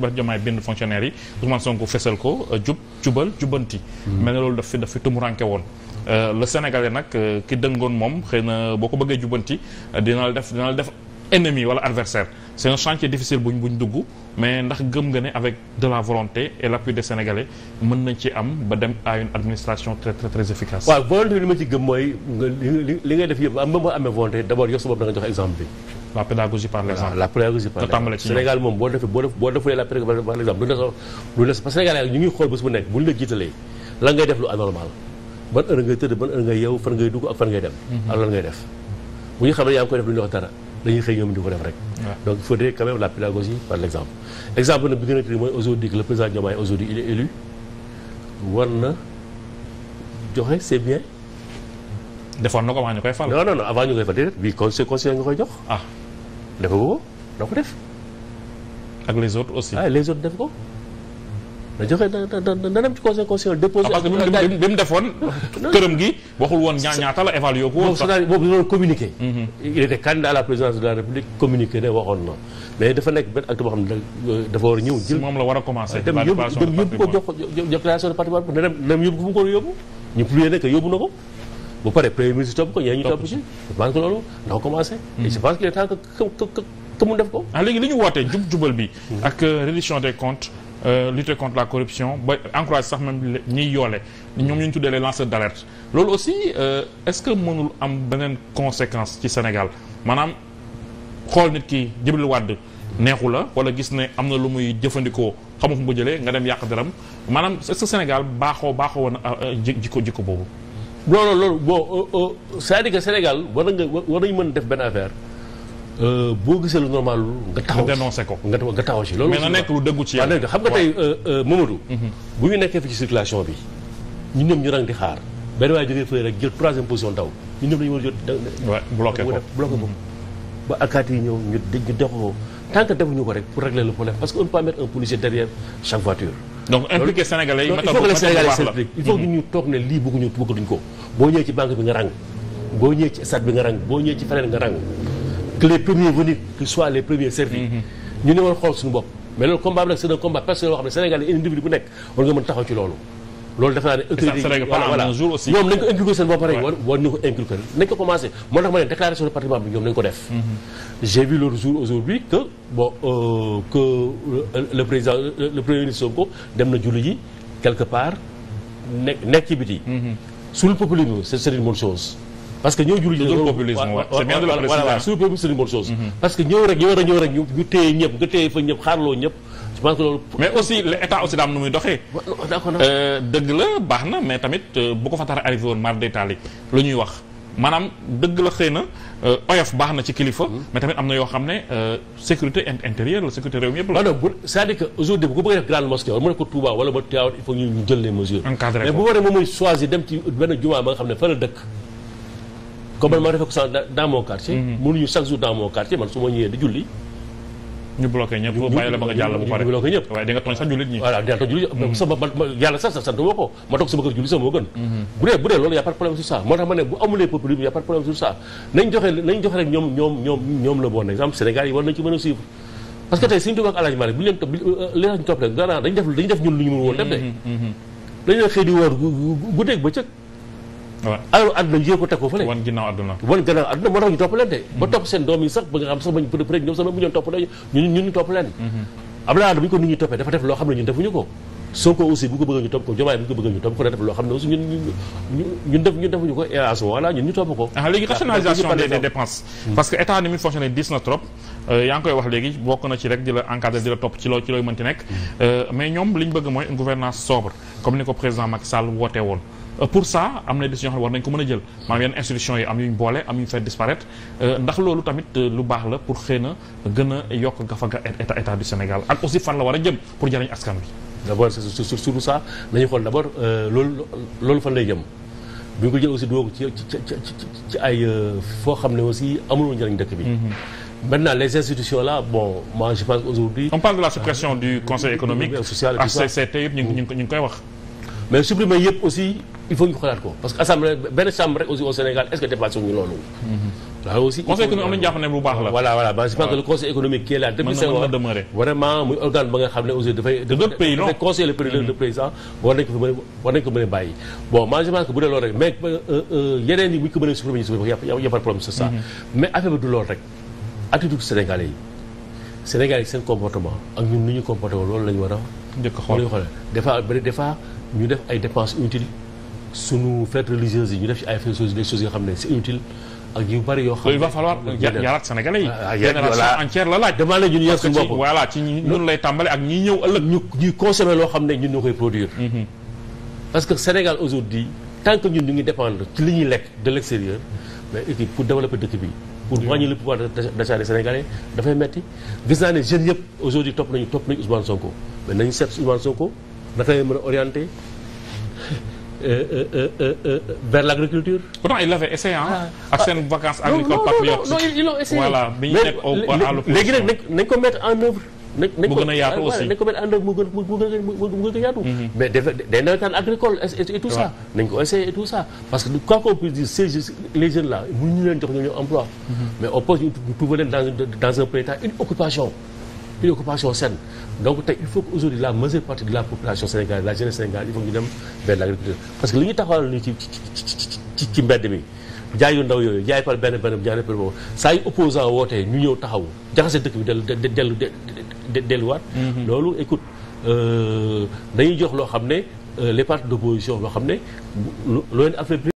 ba jomaay bind fonctionnaire yi Ousmane Sonko fesal ko euh, jub jubal jubanti hmm. mel ne loolu daf fi daf fi tumuranke woon euh, le sénégalais nag euh, ki dëngoon moom xëy na boo ko bëggee jubanti dina la def dina la def ennemi wala adversaire c'est un chantier difficile buñ buñ dugg mais ndax gëm nga ne avec de la volonté et l'appui des sénégalais mën nañ ci am ba dem à une administration très très très efficace waaw volonté bi li ma ci gëm mooy li ngay def yëpp am ba moo amee volonté da joxe exemple bi la pédagogie par l'exemple. la pédagogie par l'exemple Sénégal moom boo defee boo def boo defulee la pédagogie par l'exemple du ne parce que Sénégal ñu ngi xool bés bu nekk buñ la jiitalee la ngay def lu anormal ban heure ngay tëdd ban heure ngay yeewu fan ngay dugg ak fan ngay dem mhm. ak lan ngay def bu ñu xam ne yaa ngi koy def lu ñu wax dara dañuy xëy ñoom di ko def rek donc il faudrait quand même la pédagogie par l'exemple exemple na bi gën a tëdd mooy aujourd'hui que le président Diomaye aujourd'hui il est élu war na joxe c'est bien defoon na ko avant ñu koy fal. non non non avant ñu koy fal déedéet bii conseil conseil nga koy jox ah defe ko da ko def. ak les autres aussi. ah les autres def ko. na joxe na na dem déposé. Ah, parce que mu defoon. këram gi waxul woon ñaata la évalué ko. woon sax boobu dañoo communiqué. Mhm. il était candidat la présidence de la république communiqué ne waxoon na mais dafa nekk benn acte boo xam ne dafa war a ñëw. jël moom la war a commencé. dem yóbbu dem yóbbu ko jox jox création de patrimoine na dem yóbbu ko mu ko yóbbu. ñu publié ne que yóbbu na bu paree premier ministre topp ko yéen ñu topp ci je pense loolu ndax commencé et je pense qu'il mu def ko ah léegi li ñu wootee jub jubal bi ak euh, reddition des comptes euh, lutter contre la corruption ba encourage sax même ñiy yoole ñoom ñu tuddee les lanceurs d'alerte loolu aussi euh, est-ce que mënul am beneen conséquence ci Sénégal maanaam xool nit ki Djibril Wade neexu la wala gis ne am na lu muy jëfandikoo xamu fu mu jëlee nga dem yàq daram maanaam est-ce que Sénégal baaxoo baaxoo woon jikko jikko boobu non non loolu bon euh, euh, c'est-à-dire Sénégal war nga war nañu mën def benn affaire euh, boo gisee lu normal nga taxaw dénoncé ko nga taxaw ci loolu mais na nekk lu dëggu ci yow ah, xam nga tey Mamadou mhm. bu ñu nekkee fi ci circulation bi ñu ñoom ñu rang di xaar benn waaye jógee fële rek jël troisième position daw ñu ñoom dañu war jot bloqué ko bloqué ko mhm. ba alkaati yi ñëw ñu ñu doxoo tant defuñu ko rek pour régler le problème parce que on peut un policier derrière chaque voiture donc impliquer Sénégalais il faut mhm. lii bëgguñu bëgguñu ko boo ñëwee ci banque bi nga ràng boo ñëwee ci stade bi nga ràng boo ñëwee ci feneen nga ràng que les premiers venus qui soient les premiers servis. Mm-hmm. ñu ne war xool suñu bopp. mais loolu combat bi nag c'est un combat personnel boo xam ne Sénégal yi individu bu nekk war nga mën taxaw ci loolu. loolu defe naa ne autorité yi voilà ñoom nañ ko inculquer seen bopp rek war war nañ ko inculquer nañ ko commencé moo tax ma ne déclaration de patrimoine bi ñoom nañ ko def mm-hmm. j'ai vu le jour aujourd'hui que bon euh, que le président le premier ministre Sonko dem na julli ji quelque part nekk nekk ci biti mm-hmm. sous le populisme c'est une bonne chose. parce que ñëw jur gi. toujours populisme waaw c'est bien de le préciser voilà sous le populisme c'est une bonne parce que ñëw rek ñëw rek ñëw rek ñu téye ñëpp nga téye fa ñëpp xaarloo ñëpp. mais aussi l'État aussi daam nu muy doxee. Euh, dëgg la baax na mais tamit euh, bu ko fa tax a arrivé woon mar détaillé lu ñuy wax. maanaam dëgg la xëy na euh, oyof baax na ci kilifa. Hmm. mais tamit am na yoo xam ne euh, sécurité intérieure la sécurité réew mi yëpp la. non non bu c'est-à-dire que aujourd'hui bu ko bëggee def grande mosquée wala mu ne ko Touba wala ba Tivaouane il faut ñu jël les mesures. encadré mais bu waree moom mooy choisir dem ci benn jumaa ba nga xam ne fa la dëkk. comme man ma defee ko dans mon quartier. Hmm. mënuñu chaque jour dans quartier man su ma ñëwee di julli. ñu bloqué ñëpp bàyyi la ba nga jàll bu pare bloqué ñëpp waaye mm-hmm. mm-hmm. euh, dañ def dañ ñun woon def de mm-hmm. dañ leen xëy di wóor bëccëg alalu àdduna jël ko teg ko fële wan ginnaaw àdduna wan ginnaaw àdduna moo tax ñu topp leen de ba topp seen doom yi sax ba nga xam sax bañ peut-être ñoom sax même bu ñoon topp leen ñun ñu topp leen mm-hmm. Abdoulaye Wade bu ñu ko nit ñi toppee dafa def loo xam ne ñun defuñu ko Sonko aussi bu ko bëgg ñu topp ko bu ko bëgg ñu topp ko def loo xam ne aussi ñun defuñu ko et à ñu topp ko ah léegi rationalisation des dépenses hmm. parce que état ni muy fonctionné diis na trop euh, yaa ngi koy wax léegi bokk na ci rek di la encadré di la topp ci loo ci nekk hmm. euh, mais ñoom li ñu bëgg mooy une gouvernance sobre comme ni ko président Macky Sall wootee woon euh, pour ça am na décision xam ne war nañ ko mën a jël maanaam yenn institutions yi am yuñ boole am yuñ fait disparaître ndax loolu tamit lu xëy na gën a yokk Sénégal ak aussi fan la war a jëm pour jëriñ askan bi d' abord c' est surtout ça nañu xool d' euh, loolu loolu fan lay jëm bu ñu ko jël aussi doo ci ay euh, foo xam ne aussi amuloo njëriñ dëkk bi. Mhm. maintenant les institutions là bon moi je pense aujourd'hui on parle de la suppression du conseil économique social HCCT yëpp ñu ngi ñu ngi koy wax. mais supprimer yëpp aussi il faut ñu xoolaat ko parce que assemblée benn chambre rek aussi au Sénégal est ce que dépassé wu loolu. Mhm. loolu aussi conseil économique am nañu jàpp ne bu baax la. voilà voilà je pense que le conseil économique qui est là. depuis seen war vraiment muy organe ba nga xam ne mmh. ko mën bàyyi. bon man je bu dee loolu rek mais euh, euh, euh, yeneen yi bu ñu ko mënee supprimer supprimer y a problème c'est mmh. mais affaire bi du loolu rek attitude sénégalais yi sénégalais yi seen comportement ak ñun ni ñu comporté loolu la ñu war a. njëkk a xool des fois des ñu def ay dépenses inutiles sunu fête religieuse yi ñu def ci ay choses des choses yoo xam ne c'est inutile ak yu bari yoo xam ne yaraat sénégalais yi ah, ah, génération entière la laaj dama bopp mhm. parce que Sénégal aujourd'hui tant que ñun ñu ngi dépendre ci li ñuy lekk de l'extérieur mais équipe pour développer dëkk bi pour wàññi le pouvoir d'achat des Sénégalais dafay metti gis naa ne jeunes yëpp aujourd'hui topp nañu topp nañu Ousmane Sonko mais nañu seet Ousmane Sonko naka mën a orienté Euh, euh, euh, vers l'agriculture. pourtant ils l'avaient essayé ah. ak seen vacances agricoles patriotes. non nekk nañ ko mettre en œuvre. mu gën a yaatu aussi nañ ko mettre en mu gën a yaatu. Mhm. mais des des nañ ko essayé et parce que quoi qu'on puisse dire ces les jeunes là leen jox ñooñu emploi mhm. mais on pose ñu trouver dans dans un une occupation. une occupation saine donc tey il faut que aujourd'hui la majeure partie de la population sénégalaise la jeunesse sénégalaise il faut que ñu dem vers l'agriculture parce que li ñu taxawal ni ci ci mbedd mi jaay yu ndaw yooyu jaay par benn benn jaay par boobu saa yu opposant wootee ñu ñëw taxaw jaxase dëkk bi dellu dellu delluwaat mhm. loolu écoute euh, dañuy jox loo xam ne euh, les partis d'opposition loo xam ne loo leen affaiblir